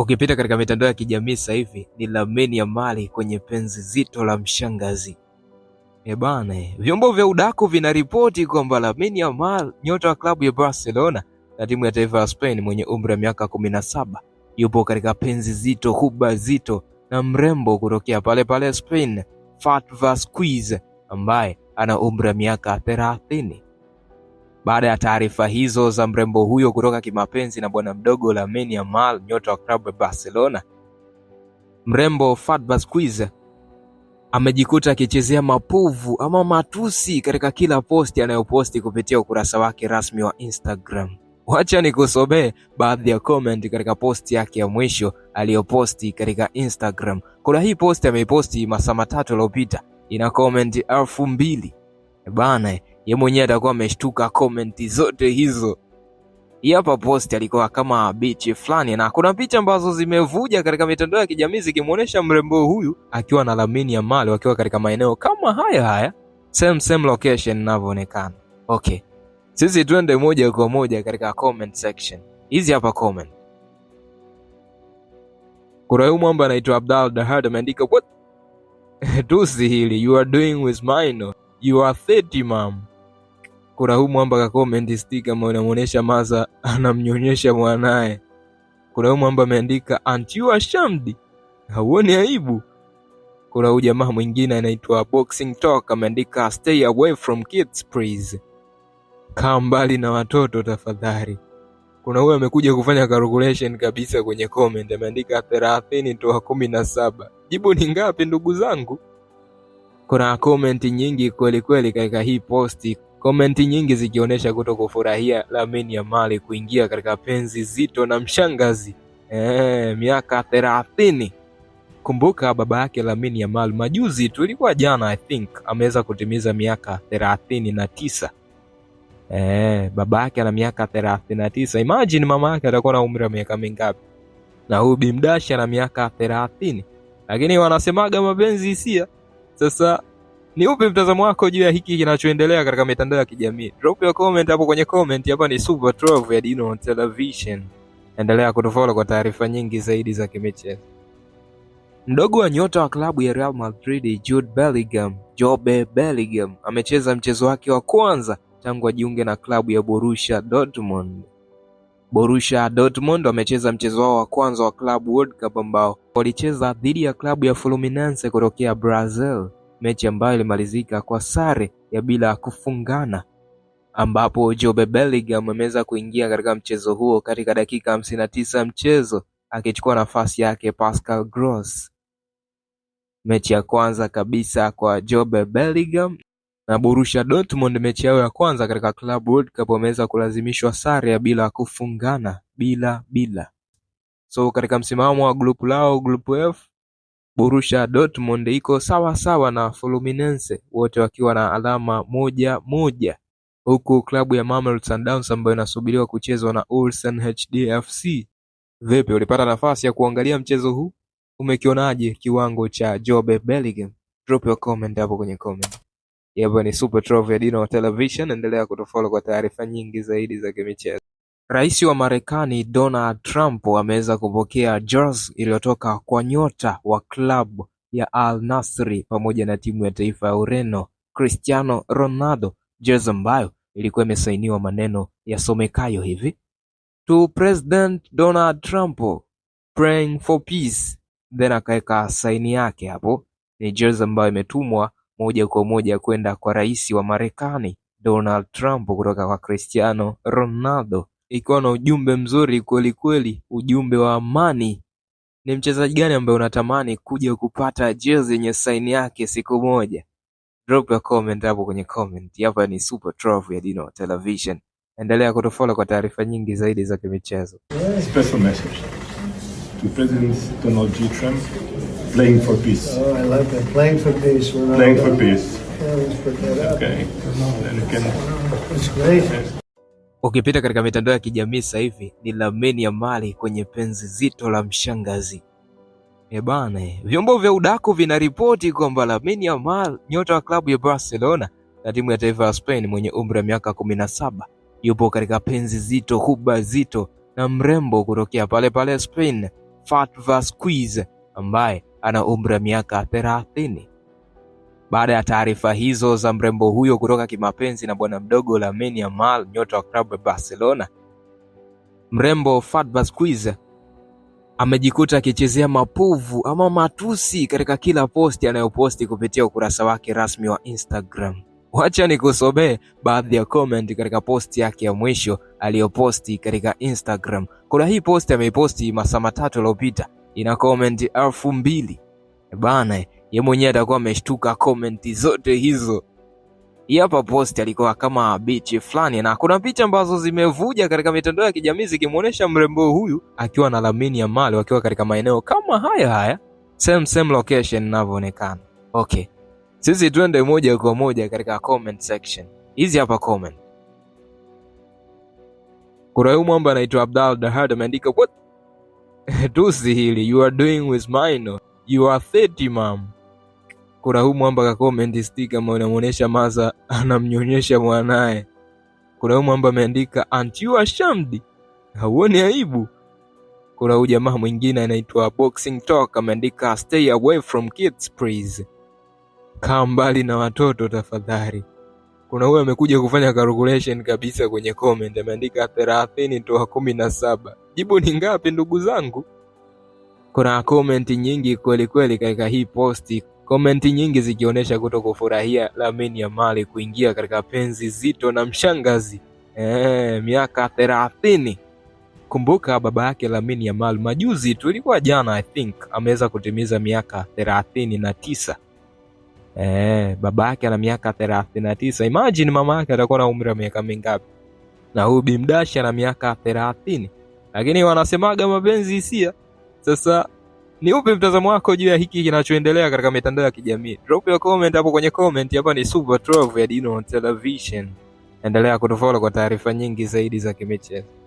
Ukipita katika mitandao ya kijamii sasa hivi ni lameni ya mali kwenye penzi zito la mshangazi. E bana, eh, vyombo vya udaku vinaripoti kwamba Lamine Yamal, nyota wa klabu ya Barcelona na timu ya taifa ya Spain, mwenye umri wa miaka 17, yupo katika penzi zito, huba zito na mrembo kutokea pale pale Spain, Fat Vasquez ambaye ana umri wa miaka 30. Baada ya taarifa hizo za mrembo huyo kutoka kimapenzi na bwana mdogo Lamine Yamal, nyota wa klabu ya Barcelona, mrembo Basquiz amejikuta akichezea mapovu ama matusi katika kila posti anayoposti kupitia ukurasa wake rasmi wa Instagram. Wacha nikusomee baadhi ya comment katika posti yake ya mwisho aliyoposti katika Instagram. Kuna hii posti ameiposti masaa matatu yaliyopita, ina comment elfu mbili bana ye mwenyewe atakuwa ameshtuka komenti zote hizo. Hii hapa post alikuwa kama bichi fulani, na kuna picha ambazo zimevuja katika mitandao ya kijamii zikimuonesha mrembo huyu akiwa na lamini ya mali wakiwa katika maeneo kama haya haya, same same location inavyoonekana. Okay, sisi twende moja kwa moja katika comment section. Hizi hapa comment. Kuna huyu mwamba anaitwa Abdal Dahad ameandika what tusi hili you are doing with mine you are 30 mam kuna huu mwamba ka comment sticker ambayo inamuonesha maza anamnyonyesha mwanae. Kuna huu mwamba ameandika aren't you ashamed? Hauoni aibu? Kuna huu jamaa mwingine anaitwa Boxing Talk ameandika stay away from kids please. Kaa mbali na watoto tafadhali. Kuna huyu amekuja kufanya calculation kabisa kwenye comment ameandika 30 toa 17. Jibu ni ngapi ndugu zangu? Kuna comment nyingi kweli kweli katika hii posti. Komenti nyingi zikionyesha kuto kufurahia Lamine Yamal kuingia katika penzi zito na mshangazi eee, miaka thelathini. Kumbuka baba yake Lamine Yamal majuzi tu, ilikuwa jana I think, ameweza kutimiza miaka thelathini na tisa. Eh, baba yake ana miaka thelathini na tisa. Imagine mama yake atakuwa na umri wa miaka mingapi? Na huyu Bimdashi ana miaka thelathini, lakini wanasemaga mapenzi hisia. Sasa ni upi mtazamo wako juu ya hiki kinachoendelea katika mitandao ya kijamii? Drop your comment hapo kwenye comment. Hapa ni Super 12 ya Dino Television. Endelea kutufollow kwa taarifa nyingi zaidi za kimichezo. Mdogo wa nyota wa klabu ya Real Madrid Jude Bellingham, Jobe Bellingham amecheza mchezo wake wa kwanza tangu ajiunge na klabu ya Borussia Dortmund. Borussia Dortmund wamecheza mchezo wao wa kwanza wa Club World Cup ambao walicheza dhidi ya klabu ya Fluminense kutokea Brazil mechi ambayo ilimalizika kwa sare ya bila kufungana ambapo Jobe Bellingham ameweza kuingia katika mchezo huo katika dakika hamsini na tisa mchezo akichukua nafasi yake Pascal Gross. Mechi ya kwanza kabisa kwa Jobe Bellingham na Borussia Dortmund, mechi yao ya kwanza katika Club World Cup wameweza kulazimishwa sare ya bila kufungana bila bila. So katika msimamo wa grupu lao, grupu F Borussia Dortmund iko sawasawa na Fluminense wote wakiwa na alama moja moja huku klabu ya Mamelodi Sundowns ambayo inasubiriwa kuchezwa na Ulsan HDFC. Vipi, ulipata nafasi ya kuangalia mchezo huu? Umekionaje kiwango cha Jobe Bellingham? Drop your comment hapo kwenye comment. Yapo ni Super Trophy ya Dino Television, endelea kutofollow kwa taarifa nyingi zaidi za kimichezo. Rais wa Marekani Donald Trump ameweza kupokea jersey iliyotoka kwa nyota wa klabu ya Al Nassr pamoja na timu ya taifa ya Ureno Cristiano Ronaldo, jersey ambayo ilikuwa imesainiwa maneno yasomekayo hivi: To President Donald Trump praying for peace, then akaweka saini yake hapo. Ni jersey ambayo imetumwa moja kwa moja kwenda kwa rais wa Marekani Donald Trump kutoka kwa Cristiano Ronaldo ikiwa na ujumbe mzuri kweli kweli, ujumbe wa amani ni mchezaji gani ambaye unatamani kuja kupata jezi yenye saini yake siku moja drop a comment hapo kwenye comment hapa ni super Trophy ya Dino Television endelea kutofollow kwa taarifa nyingi zaidi za kimichezo special message to president Donald G. Trump playing for peace oh i like that playing for peace we're not playing for peace okay And again, it's great Ukipita katika mitandao ya kijamii sasa hivi ni rameni ya mali kwenye penzi zito la mshangazi. E bana, eh, vyombo vya udaku vinaripoti kwamba Lamine Yamal, nyota wa klabu ya Barcelona na timu ya taifa ya Spain mwenye umri wa miaka 17, yupo katika penzi zito, huba zito na mrembo kutokea pale pale Spain, Fat Vasquez ambaye ana umri wa miaka 30. Baada ya taarifa hizo za mrembo huyo kutoka kimapenzi na bwana mdogo Lamine Yamal, nyota wa klabu ya Barcelona, mrembo Basquiz amejikuta akichezea mapovu ama matusi katika kila posti anayoposti kupitia ukurasa wake rasmi wa Instagram. Wacha nikusomee baadhi ya comment katika posti yake ya mwisho aliyoposti katika Instagram. Kuna hii posti ameiposti masaa matatu yaliyopita, ina comment elfu mbili bana ye mwenyewe atakuwa ameshtuka komenti zote hizo. Hii hapa post alikuwa kama bichi fulani, na kuna picha ambazo zimevuja katika mitandao ya kijamii zikimuonesha mrembo huyu akiwa na lamini ya mali wakiwa katika maeneo kama haya haya, same same location inavyoonekana. Okay, sisi twende moja kwa moja katika comment section. Hizi hapa comment. Kuna huyu mwamba anaitwa Abdal Dahad ameandika what tusi hili you are doing with mine you are 30 mam kuna huu mwamba ka comment sticker ambayo inamuonyesha Maza anamnyonyesha mwanae. Kuna huu mwamba ameandika aren't you ashamed? Hauoni aibu? Kuna huu jamaa mwingine anaitwa Boxing Talk ameandika stay away from kids please. Kaa mbali na watoto tafadhali. Kuna huyu amekuja kufanya calculation kabisa kwenye comment ameandika thelathini toa kumi na saba Jibu ni ngapi ndugu zangu? Kuna comment nyingi kweli kweli katika hii posti. Komenti nyingi zikionyesha lamini Lamine Yamal kuingia katika penzi zito na mshangazi eee, miaka thelathini. Kumbuka baba yake Lamine Yamal majuzi tu, ilikuwa jana I think, ameweza kutimiza miaka thelathini na tisa. baba yake ana miaka thelathini na tisa. Imagine mama yake atakuwa na umri wa miaka mingapi? Na huyu Bimdashi ana miaka thelathini, lakini wanasemaga mapenzi hisia. Sasa ni upi mtazamo wako juu ya hiki kinachoendelea katika mitandao ya kijamii? Drop your comment hapo kwenye comment. Hapa ni Super 12 ya Dino Television, endelea kutufollow kwa taarifa nyingi zaidi za kimichezo.